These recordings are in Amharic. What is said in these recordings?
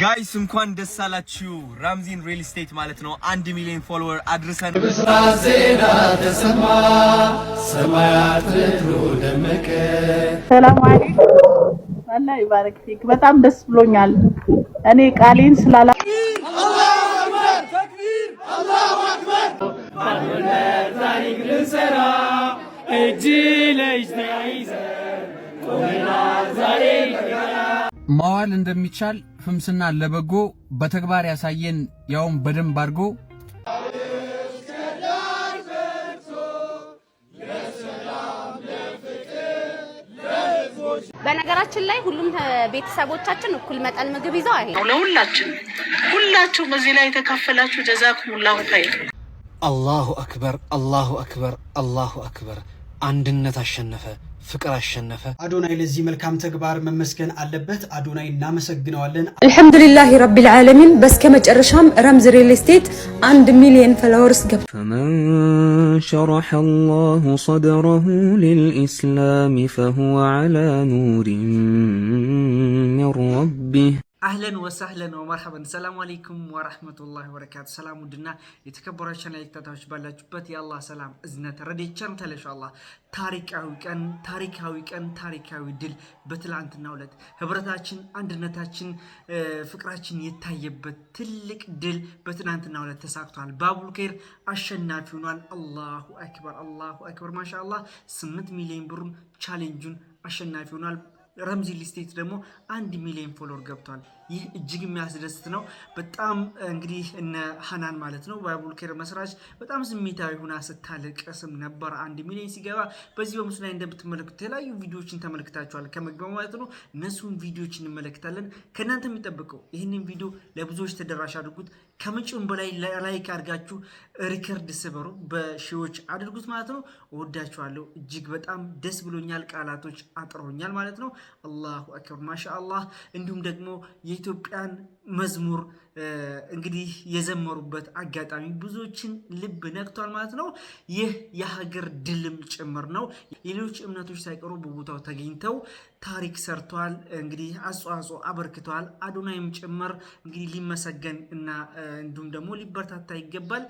ጋይስ እንኳን ደስ አላችሁ። ራምዚን ሪል ስቴት ማለት ነው። አንድ ሚሊዮን ፎሎወር አድርሰን ብስራት ዜና ተሰማ፣ ሰማያት ምድሩ ደመቀ። ሰላም አለይኩም። አላህ ይባረክ ፊክ። በጣም ደስ ብሎኛል። እኔ ቃሌን ስላላ እጅ እንደሚቻል ፍምስና ለበጎ በተግባር ያሳየን ያውም በደንብ አድርጎ በነገራችን ላይ ሁሉም ቤተሰቦቻችን እኩል መጠን ምግብ ይዘው አይሄዱ። ለሁላችን ሁላችሁም እዚህ ላይ የተካፈላችሁ ጀዛኩሙላሁ ኸይር። አላሁ አክበር፣ አላሁ አክበር፣ አላሁ አክበር። አንድነት አሸነፈ። ፍቅር አሸነፈ። አዶናይ ለዚህ መልካም ተግባር መመስገን አለበት። አዶናይ እናመሰግነዋለን። አልሐምዱሊላህ ረቢል ዓለሚን። በስከ መጨረሻም ረምዝ ሪል ስቴት አንድ ሚሊየን ፈላወርስ ገብ ፈመን ሸረሐ አላሁ ሰድረሁ ሊልኢስላም ፈሁወ ዓላ ኑሪን ሚን ረቢህ አህለን ወሳህለን ወመርሐበን ሰላሙ አለይኩም ወረህመቱላሂ ወበረካቱ። ሰላም ውድና የተከበራችሁ ቻናል ተከታታዮች ባላችሁበት የአላህ ሰላም እዝነት ረድኤት ይቸርታችሁ። ታሪካዊ ቀን ታሪካዊ ቀን ታሪካዊ ድል በትላንትናው ዕለት ህብረታችን፣ አንድነታችን፣ ፍቅራችን የታየበት ትልቅ ድል በትናንትና ዕለት ተሳክቷል። ባቡልከይር አሸናፊ ሆኗል። አላሁ አክበር አላሁ አክበር። ማሻአላህ ስምንት ሚሊዮን ብሩም ቻሌንጁን አሸናፊ ሆኗል። ረምዚ ሊስቴት ደግሞ አንድ ሚሊዮን ፎሎወር ገብቷል። ይህ እጅግ የሚያስደስት ነው። በጣም እንግዲህ እነ ሀናን ማለት ነው ባይቡል ኬር መስራች በጣም ስሜታዊ ሁና ስታለቅስም ነበር አንድ ሚሊዮን ሲገባ። በዚህ በምስሉ ላይ እንደምትመለክቱ የተለያዩ ቪዲዮዎችን ተመልክታችኋል። ከመግቢያው ማለት ነው እነሱን ቪዲዮዎች እንመለከታለን። ከእናንተ የሚጠብቀው ይህንን ቪዲዮ ለብዙዎች ተደራሽ አድርጉት። ከምጭም በላይ ላይክ አድርጋችሁ ሪከርድ ስበሩ፣ በሺዎች አድርጉት ማለት ነው። እወዳችኋለሁ። እጅግ በጣም ደስ ብሎኛል። ቃላቶች አጥሮኛል ማለት ነው። አላሁ አክበር ማሻ እንዲሁም ደግሞ የኢትዮጵያን መዝሙር እንግዲህ የዘመሩበት አጋጣሚ ብዙዎችን ልብ ነክቷል ማለት ነው። ይህ የሀገር ድልም ጭምር ነው። የሌሎች እምነቶች ሳይቀሩ በቦታው ተገኝተው ታሪክ ሰርተዋል። እንግዲህ አስተዋጽኦ አበርክተዋል። አዶናይም ጭምር እንግዲህ ሊመሰገን እና እንዲሁም ደግሞ ሊበረታታ ይገባል።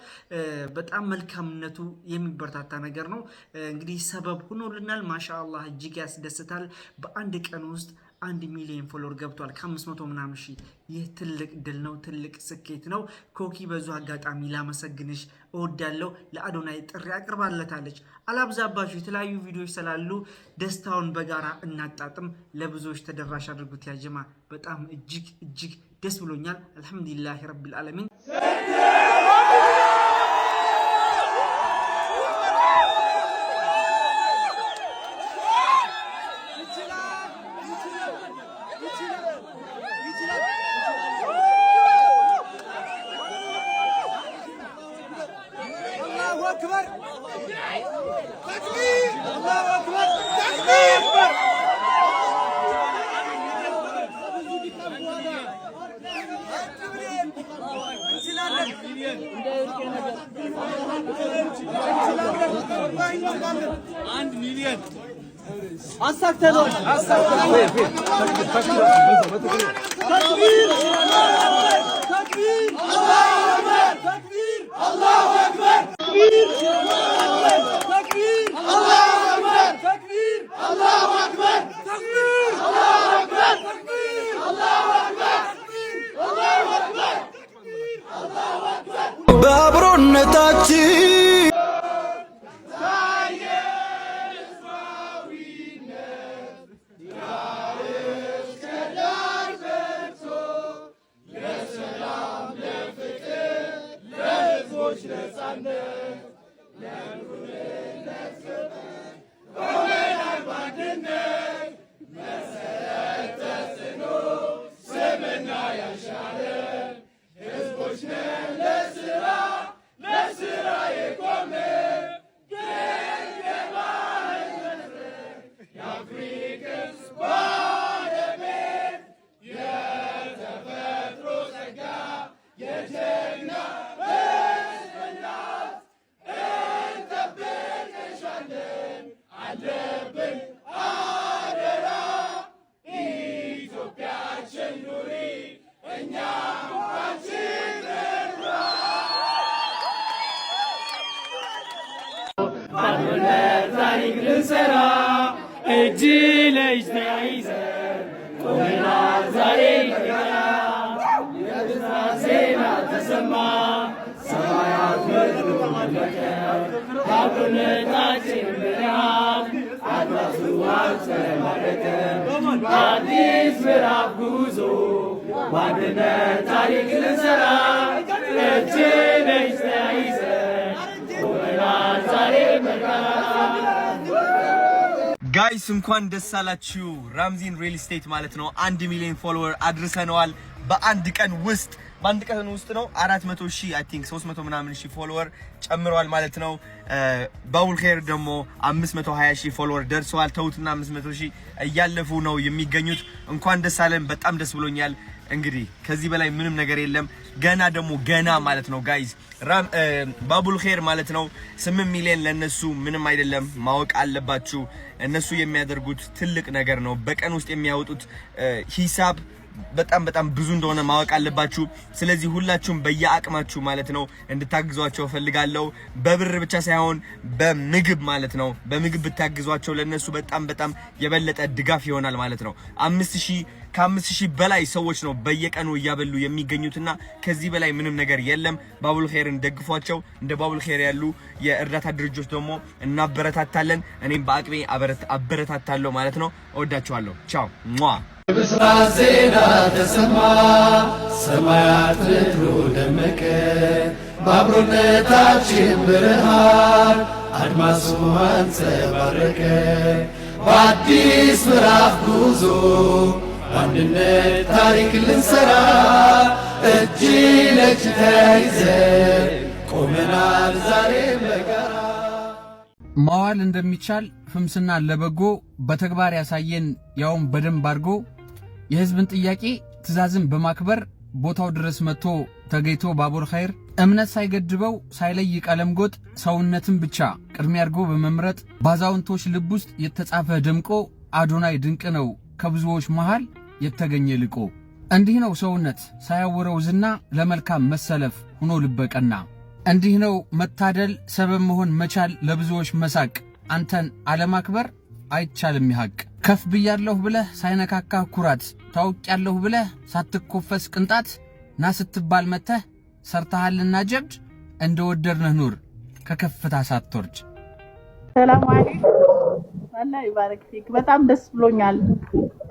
በጣም መልካምነቱ የሚበረታታ ነገር ነው። እንግዲህ ሰበብ ሆኖልናል። ማሻ እጅግ ያስደስታል። በአንድ ቀን ውስጥ አንድ ሚሊዮን ፎሎወር ገብቷል ከ500 ምናምን ሺ። ይህ ትልቅ ድል ነው፣ ትልቅ ስኬት ነው። ኮኪ በዙ አጋጣሚ ላመሰግንሽ እወዳለሁ። ለአዶናይ ጥሪ አቅርባለታለች። አላብዛባችሁ፣ የተለያዩ ቪዲዮዎች ስላሉ ደስታውን በጋራ እናጣጥም። ለብዙዎች ተደራሽ አድርጉት። ያጀማ በጣም እጅግ እጅግ ደስ ብሎኛል። አልሐምዱሊላህ ረቢል ዓለሚን And million. Aslak terör. Aslak terör. Takbir. Takbir. Allahu Ekber. Takbir. Allahu Ekber. Takbir. Allahu Ekber. Takbir. Allahu Ekber. Takbir. Allahu Ekber. Takbir. በአብሮነታችን እጅ ለእጅ ተያይዘን ቆመናል ዛሬ በጋራ የደስታን ዜማ ተሰማ ሰማያት ምድር ተመለከ አብሮነታችን ብርሃን አድማሱ አንጸባረቀ አዲስ ምዕራፍ ጉዞ በአንድነት ታሪክ ልንሰራ እጅ ለእጅ ተያይዘን ቆመናል ዛሬ በጋራ ጋይስ እንኳን ደስ አላችሁ። ራምዚን ሪል ስቴት ማለት ነው አንድ ሚሊዮን ፎሎወር አድርሰነዋል በአንድ ቀን ውስጥ በአንድ ቀን ውስጥ ነው 400 ሺህ አይ ቲንክ 300 ምናምን ሺ ፎሎወር ጨምሯል ማለት ነው። በውል ኸይር ደግሞ 520 ሺህ ፎሎወር ደርሰዋል። ተውትና 500 ሺህ እያለፉ ነው የሚገኙት። እንኳን ደስ አለን፣ በጣም ደስ ብሎኛል። እንግዲህ ከዚህ በላይ ምንም ነገር የለም። ገና ደግሞ ገና ማለት ነው ጋይዝ ባቡል ኸይር ማለት ነው 8 ሚሊዮን ለነሱ ምንም አይደለም። ማወቅ አለባችሁ እነሱ የሚያደርጉት ትልቅ ነገር ነው። በቀን ውስጥ የሚያወጡት ሂሳብ በጣም በጣም ብዙ እንደሆነ ማወቅ አለባችሁ። ስለዚህ ሁላችሁም በየአቅማችሁ ማለት ነው እንድታግዟቸው ፈልጋለሁ። በብር ብቻ ሳይሆን በምግብ ማለት ነው። በምግብ ብታግዟቸው ለነሱ በጣም በጣም የበለጠ ድጋፍ ይሆናል ማለት ነው። አምስት ሺህ ከአምስት ሺህ በላይ ሰዎች ነው በየቀኑ እያበሉ የሚገኙትና ከዚህ በላይ ምንም ነገር የለም። ባቡል ኸይርን ደግፏቸው። እንደ ባቡል ኸይር ያሉ የእርዳታ ድርጅቶች ደግሞ እናበረታታለን። እኔም በአቅሜ አበረታታለሁ ማለት ነው። እወዳችኋለሁ። ቻው ሟ የብስራት ዜና ተሰማ፣ ሰማያት ምድሩ ደመቀ። በአብሮነታችን ብርሃን አድማሱ አንጸባረቀ። በአዲስ ምዕራፍ ጉዞ አንድነት ታሪክ ልንሰራ እጅ ለእጅ ቆመናል ዛሬ በጋራ። ማዋል እንደሚቻል ፍምስና ለበጎ በተግባር ያሳየን ያውም በደንብ አድርጎ የህዝብን ጥያቄ ትዕዛዝን በማክበር ቦታው ድረስ መጥቶ ተገይቶ ባቡር ኸይር እምነት ሳይገድበው ሳይለይ ቀለም ጎጥ ሰውነትን ብቻ ቅድሚያ አድርጎ በመምረጥ ባዛውንቶች ልብ ውስጥ የተጻፈ ደምቆ አዶናይ ድንቅ ነው ከብዙዎች መሃል የተገኘ ልቆ እንዲህ ነው ሰውነት ሳያወረው ዝና ለመልካም መሰለፍ ሆኖ ልበቀና እንዲህ ነው መታደል ሰበብ መሆን መቻል ለብዙዎች መሳቅ አንተን አለማክበር አይቻልም ይሐቅ ከፍ ብያለሁ ብለህ ሳይነካካ ኩራት ያለሁ ብለህ ሳትኮፈስ ቅንጣት ና ስትባል መተህ ሰርተሃልና ጀብድ እንደ ኑር ከከፍታ ሳትወርድ ሰላም አላህ ይባረክ ፊክ። በጣም ደስ ብሎኛል።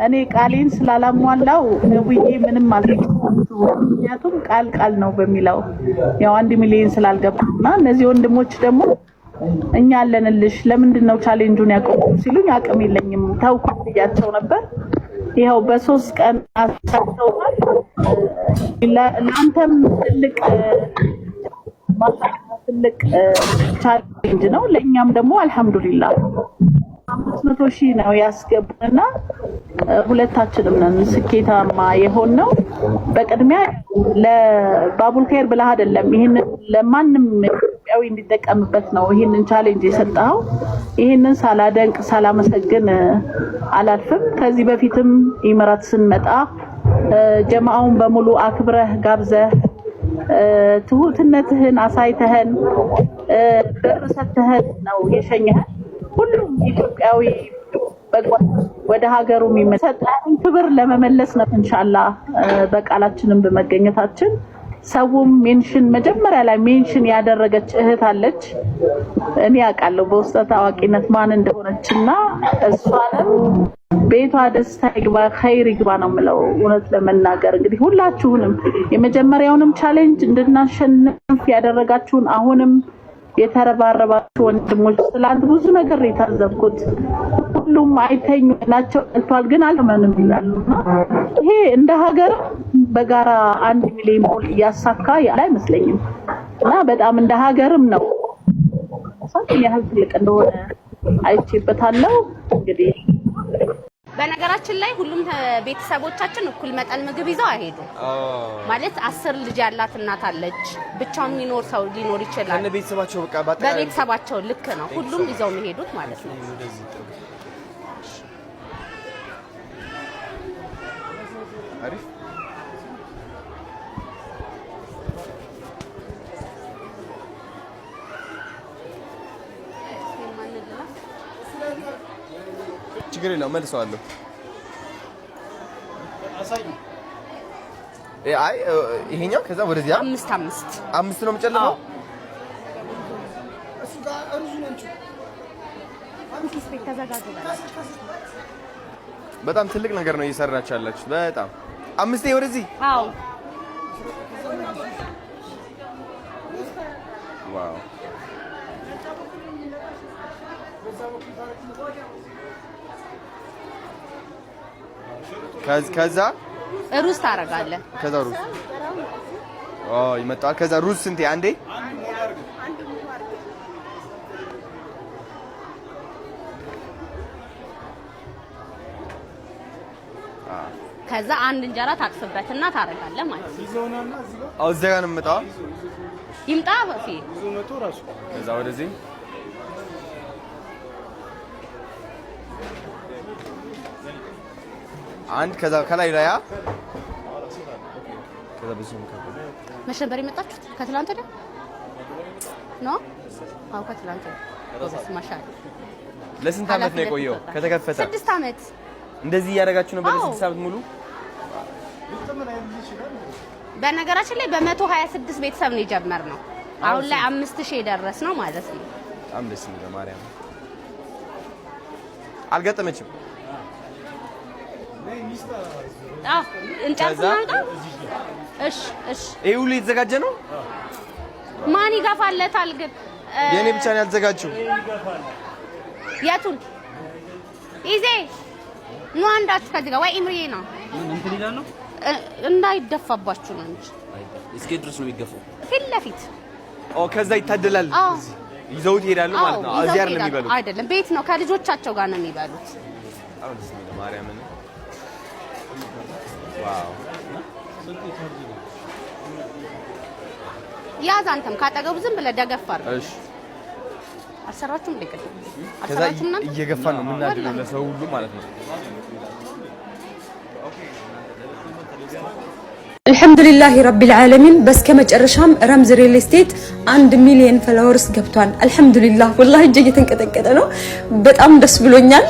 እኔ ቃሌን ስላላሟላው ነብዬ ምንም አልገባሁት። ምክንያቱም ቃል ቃል ነው በሚለው ያው አንድ ሚሊዮን ስላልገባና እነዚህ ወንድሞች ደግሞ እኛ አለንልሽ ለምንድን ነው ቻሌንጁን ያቆሙ ሲሉኝ አቅም የለኝም ታውኩ ብያቸው ነበር። ይኸው በሶስት ቀን አሳተውናል። ለአንተም ትልቅ ትልቅ ቻሌንጅ ነው፣ ለእኛም ደግሞ አልሐምዱሊላህ አምስት መቶ ሺህ ነው ያስገቡንና ሁለታችንም ነን ስኬታማ የሆን ነው። በቅድሚያ ለባቡል ኸይር ብለህ አይደለም ይህንን ለማንም ኢትዮጵያዊ እንዲጠቀምበት ነው ይህንን ቻሌንጅ የሰጠኸው። ይህንን ሳላደንቅ ሳላመሰግን አላልፍም። ከዚህ በፊትም ኢምራት ስንመጣ ጀማአውን በሙሉ አክብረህ ጋብዘህ ትሁትነትህን አሳይተህን ብር ሰተህን ነው የሸኘህን ሁሉም ኢትዮጵያዊ ወደ ሀገሩ የሚመሰጠን ክብር ለመመለስ ነው። እንሻላ በቃላችንም በመገኘታችን ሰውም ሜንሽን መጀመሪያ ላይ ሜንሽን ያደረገች እህት አለች። እኔ ያውቃለሁ በውስጠ ታዋቂነት ማን እንደሆነች እና እሷንም ቤቷ ደስታ ይግባ ኸይር ይግባ ነው የምለው። እውነት ለመናገር እንግዲህ ሁላችሁንም የመጀመሪያውንም ቻሌንጅ እንድናሸንፍ ያደረጋችሁን አሁንም የተረባረባቸው ወንድሞች ስላንድ ብዙ ነገር የታዘብኩት ሁሉም አይተኙ ናቸው ቀልቷል፣ ግን አልመንም ይላሉ። ይሄ እንደ ሀገር በጋራ አንድ ሚሊዮን ጎል እያሳካ ያለ አይመስለኝም እና በጣም እንደ ሀገርም ነው ሳን ያህል ትልቅ እንደሆነ አይቼበታለሁ እንግዲህ በነገራችን ላይ ሁሉም ቤተሰቦቻችን እኩል መጠን ምግብ ይዘው አይሄዱም። ማለት አስር ልጅ ያላት እናት አለች፣ ብቻውን የሚኖር ሰው ሊኖር ይችላል። ቤተሰባቸው በቃ በቤተሰባቸው ልክ ነው ሁሉም ይዘው የሚሄዱት ማለት ነው። አሪፍ ችግር የለውም መልሰዋለሁ። አይ ይሄኛው ከዛ ወደዚያ አምስት አምስት አምስት ነው የምጨልመው። በጣም ትልቅ ነገር ነው እየሰራች ያላችሁ። በጣም አምስቴ ወደዚህ ከዛ ሩዝ ታደርጋለህ። ከዛ ሩዝ ኦ ይመጣል። ከዛ ሩዝ ስንቴ? አንዴ ከዛ አንድ እንጀራ ታቅስበትና ታደርጋለህ ማለት ነው። እዚህ ጋር ነው የምመጣው። ይምጣ ከዛ ወደዚህ አንድ ከዛ ከላይ ላያ ከዛ ብዙ መች ነበር የመጣችሁት? ከትላንት ወዲያ ኖ? አዎ ከትላንት ወዲያ። ማሻአላ ለስንት አመት ነው የቆየው? ከተከፈተ ስድስት አመት። እንደዚህ እያደረጋችሁ ነበር ለስድስት አመት ሙሉ። በነገራችን ላይ በመቶ ሀያ ስድስት ቤተሰብ ነው የጀመርነው። አሁን ላይ አምስት ሺህ የደረስ ነው ማለት ነው። በጣም ደስ የሚለው ማርያም አልገጠመችም እንጨት ይሄ ሁሉ የተዘጋጀ ነው። ማን ይገፋለታል ግን? የኔ ብቻ ነው ያልዘጋጀው። የቱን ይዜ ኑ አንዳችሁ ከዚህ ጋር ወይ ኢምሪዬ ነው እንዳይደፋባችሁ ነው እንጂ ድረስ ነው የሚገፋው ፊት ለፊት ኦ ከዛ ይታደላል ይዘውት ይሄዳሉ ማለት ነው። አይደለም የሚበሉት አይደለም ቤት ነው ከልጆቻቸው ጋር ነው የሚበሉት። ያዝ አንተም ካጠገቡ ዝም ብለህ ደገፍ እሺ አልሰራችሁም? እየገፋ ነው የምናድነው ለሰው ሁሉ ማለት ነው። አልሐምዱሊላህ ረቢል ዓለሚን በስከ መጨረሻም ረምዝ ሪል ስቴት አንድ ሚሊዮን ፈላወርስ ገብቷል። አልሐምዱሊላህ ወላሂ እጅ እየተንቀጠቀጠ ነው። በጣም ደስ ብሎኛል።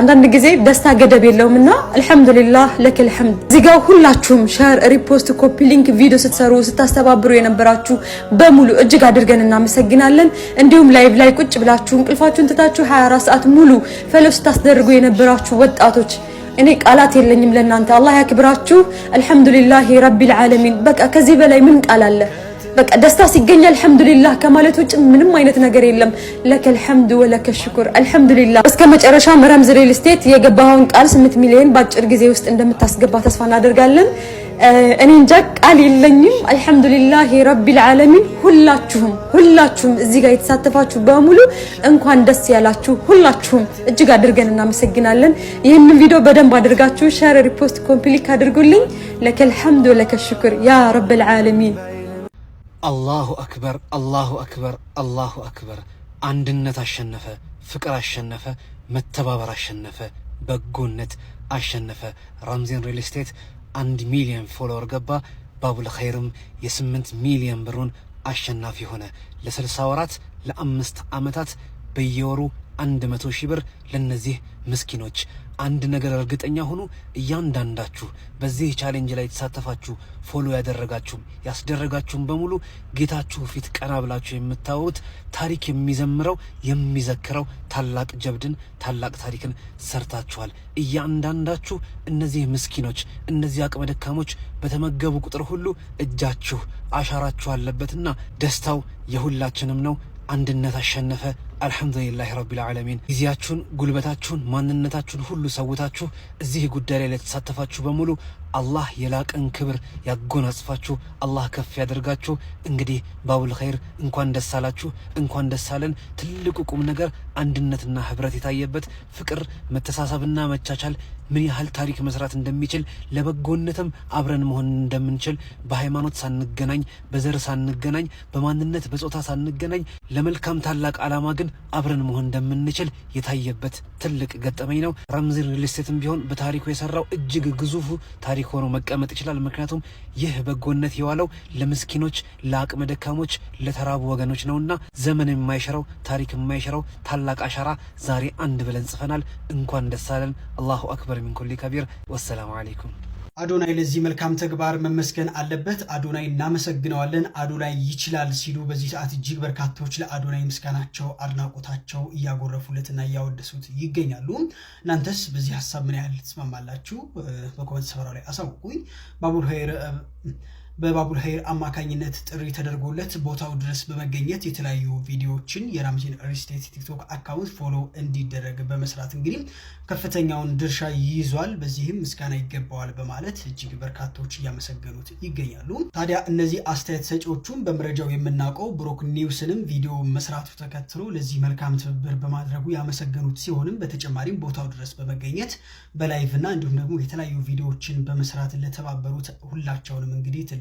አንዳንድ ጊዜ ደስታ ገደብ የለውም እና አልሐምዱሊላህ ለከል ሐምድ። እዚህ ሁላችሁም ሸር፣ ሪፖስት፣ ኮፒ ሊንክ፣ ቪዲዮ ስትሰሩ ስታስተባብሩ የነበራችሁ በሙሉ እጅግ አድርገን እናመሰግናለን። እንዲሁም ላይቭ ላይ ቁጭ ብላችሁ እንቅልፋችሁን ትታችሁ 24 ሰዓት ሙሉ ፈለው ስታስደርጉ የነበራችሁ ወጣቶች እኔ ቃላት የለኝም ለእናንተ። አላህ ያክብራችሁ። አልሐምዱሊላህ ረቢል ዓለሚን። በቃ ከዚህ በላይ ምን ቃል አለ? በቃ ደስታ ሲገኝ አልሐምዱሊላህ ከማለት ውጭ ምንም አይነት ነገር የለም። ለከል ሐምድ ወለከ ሽኩር አልሐምዱሊላህ። እስከ መጨረሻም ረምዝ ሪል ስቴት የገባኸውን ቃል ስምንት ሚሊዮን በአጭር ጊዜ ውስጥ እንደምታስገባ ተስፋ እናደርጋለን። እኔ እንጃ ቃል የለኝም። አልሐምዱሊላህ ረቢል ዓለሚን። ሁላችሁም ሁላችሁም እዚህ ጋር የተሳተፋችሁ በሙሉ እንኳን ደስ ያላችሁ። ሁላችሁም እጅግ አድርገን እናመሰግናለን። ይህንን ቪዲዮ በደንብ አድርጋችሁ ሸር፣ ሪፖስት፣ ኮምፕሊክ አድርጉልኝ። ለከል ሐምዱ ወለከል ሽኩር ያ ረቢል ዓለሚን። አላሁ አክበር፣ አላሁ አክበር፣ አላሁ አክበር። አንድነት አሸነፈ፣ ፍቅር አሸነፈ፣ መተባበር አሸነፈ፣ በጎነት አሸነፈ። ራምዜን ሪል ስቴት አንድ ሚሊዮን ፎሎወር ገባ። ባቡል ኸይርም የስምንት ሚሊዮን ብሩን አሸናፊ ሆነ። ለስልሳ ወራት ለአምስት ዓመታት በየወሩ አንድ መቶ ሺህ ብር ለነዚህ ምስኪኖች። አንድ ነገር እርግጠኛ ሁኑ፣ እያንዳንዳችሁ በዚህ ቻሌንጅ ላይ የተሳተፋችሁ ፎሎ ያደረጋችሁም ያስደረጋችሁም በሙሉ ጌታችሁ ፊት ቀና ብላችሁ የምታወሩት ታሪክ የሚዘምረው የሚዘክረው ታላቅ ጀብድን ታላቅ ታሪክን ሰርታችኋል። እያንዳንዳችሁ እነዚህ ምስኪኖች እነዚህ አቅመ ደካሞች በተመገቡ ቁጥር ሁሉ እጃችሁ አሻራችሁ አለበትና ደስታው የሁላችንም ነው። አንድነት አሸነፈ። አልሐምዱሊላህ ረቢል ዓለሚን። ጊዜያችሁን፣ ጉልበታችሁን፣ ማንነታችሁን ሁሉ ሰውታችሁ እዚህ ጉዳይ ላይ ለተሳተፋችሁ በሙሉ አላህ የላቀን ክብር ያጎናጽፋችሁ፣ አላህ ከፍ ያደርጋችሁ። እንግዲህ ባቡል ኸይር እንኳን ደስ አላችሁ፣ እንኳን ደስ አለን። ትልቁ ቁም ነገር አንድነትና ህብረት የታየበት ፍቅር፣ መተሳሰብና መቻቻል ምን ያህል ታሪክ መስራት እንደሚችል ለበጎነትም አብረን መሆን እንደምንችል በሃይማኖት ሳንገናኝ፣ በዘር ሳንገናኝ፣ በማንነት በጾታ ሳንገናኝ ለመልካም ታላቅ ዓላማ ግን አብረን መሆን እንደምንችል የታየበት ትልቅ ገጠመኝ ነው። ራምዚ ሪልስቴትም ቢሆን በታሪኩ የሰራው እጅግ ግዙፉ ታሪክ ሆኖ መቀመጥ ይችላል። ምክንያቱም ይህ በጎነት የዋለው ለምስኪኖች፣ ለአቅመ ደካሞች፣ ለተራቡ ወገኖች ነውና ዘመን የማይሽረው ታሪክ የማይሽረው ታላቅ አሻራ ዛሬ አንድ ብለን ጽፈናል። እንኳን ደስ አለን። አላሁ አክበር ሚን ኩሊ ከቢር። ወሰላሙ አሌይኩም አዶናይ ለዚህ መልካም ተግባር መመስገን አለበት። አዶናይ እናመሰግነዋለን። አዶናይ ይችላል ሲሉ በዚህ ሰዓት እጅግ በርካቶች ለአዶናይ ምስጋናቸው፣ አድናቆታቸው እያጎረፉለትና እያወደሱት ይገኛሉ። እናንተስ በዚህ ሀሳብ ምን ያህል ትስማማላችሁ? በኮመንት ሰፈራ ላይ አሳውቁኝ። ባቡል ሆይ በባቡል ሀይር አማካኝነት ጥሪ ተደርጎለት ቦታው ድረስ በመገኘት የተለያዩ ቪዲዮዎችን የራምዚን ሪልስቴት ቲክቶክ አካውንት ፎሎ እንዲደረግ በመስራት እንግዲህ ከፍተኛውን ድርሻ ይይዟል። በዚህም ምስጋና ይገባዋል በማለት እጅግ በርካቶች እያመሰገኑት ይገኛሉ። ታዲያ እነዚህ አስተያየት ሰጪዎቹም በመረጃው የምናውቀው ብሮክ ኒውስንም ቪዲዮ መስራቱ ተከትሎ ለዚህ መልካም ትብብር በማድረጉ ያመሰገኑት ሲሆንም በተጨማሪም ቦታው ድረስ በመገኘት በላይቭ እና እንዲሁም ደግሞ የተለያዩ ቪዲዮዎችን በመስራት ለተባበሩት ሁላቸውንም እንግዲህ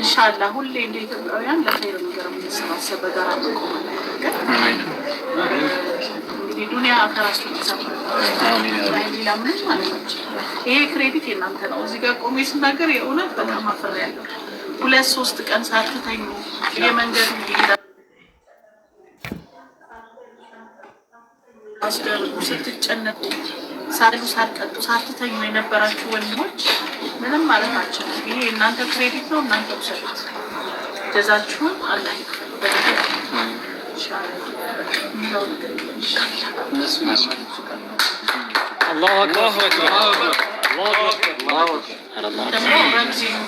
እንሻላ ሁሌ እንደ ኢትዮጵያውያን ለኸይር ነገር የምንሰባሰብ በጋራ መቆም እንግዲህ ዱኒያ ከራሱ ሌላ ምንም ማለት ነው። ይሄ ክሬዲት የእናንተ ነው። እዚህ ጋር ቆሜ ስናገር የእውነት በጣም ያለው ሁለት ሶስት ቀን ሳትተኙ የመንገድ አስደርጉ ስትጨነቁ ሳርጉ ሳትጠጡ ሳትተኙ የነበራችሁ ወንድሞች ምንም ማለት አችልም። ይሄ እናንተ ክሬዲት ነው፣ እናንተ ውሰዱት። ጀዛችሁን አላይ ደግሞ ረምዚን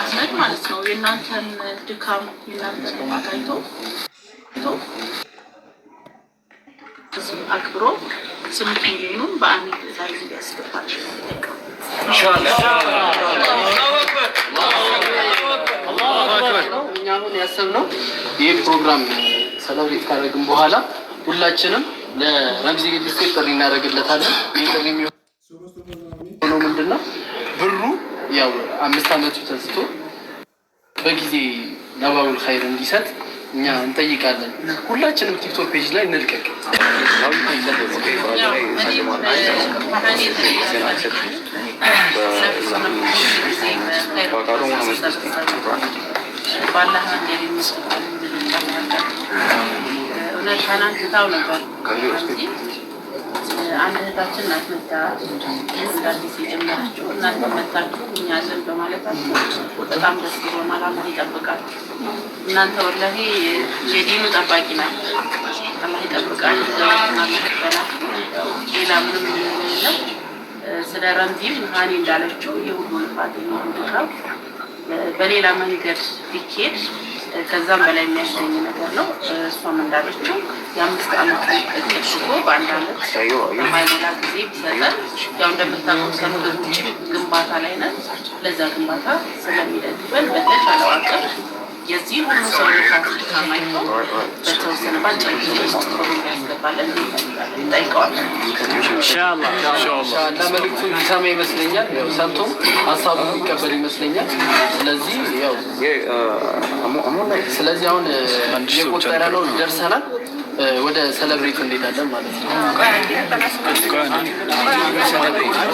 አህመድ ማለት ነው የእናንተን ድካም የእናንተን ልማት አይቶ አክብሮ ስምንት ይህ ፕሮግራም ሰለብሬት ካደረግን በኋላ ሁላችንም ለረምዚ ሪልስቴት ጥሪ እናደርግለታለን። ይህ ምንድን ነው? ብሩ ያው አምስት አመቱ ተስቶ በጊዜ ነባቡል ኸይር እንዲሰጥ እኛ እንጠይቃለን። ሁላችንም ቲክቶክ ፔጅ ላይ እንልቀቅ። እውነት ነበር አንድ እህታችን ናት መታ አዲስ የጀመራችሁ እናንተ መታችሁ እኛለን በማለታችሁ በጣም ደስ ብሎናል። አላህ ይጠብቃችሁ። እናንተ ወላሂ የዲኑ ጠባቂ ናችሁ። አላህ ይጠብቃችሁ። ሌላ ምንም የለው። ስለ ረምዚም ሀኒ እንዳለችው የሁሉ ልፋት የሁሉ ድካም በሌላ መንገድ ቢኬድ ከዛም በላይ የሚያስገኝ ነገር ነው። እሷም እንዳለችው የአምስት አመት እቅድ ሽጎ በአንድ አመት የማይሞላ ጊዜ ቢሰጠን ያው እንደምታውቀው ሰኖዶች ግንባታ ላይ ነን። ለዛ ግንባታ ስለሚደግፈን በተቻለው አቅም የዚህ ሁሉ ሰው ድካም አይቶ በተወሰነ በአጭር ጊዜ ውስጥ ኮሎምቢያ እንገባለን ጠይቀዋል። ኢንሻላህ መልዕክቱ ይሰማ ይመስለኛል፣ ሰምቶ ሀሳቡ ይቀበል ይመስለኛል። ስለዚህ ያው ስለዚህ አሁን የቆጠረ ነው ደርሰናል። ወደ ሰለብሬት እንሄዳለን ማለት ነው።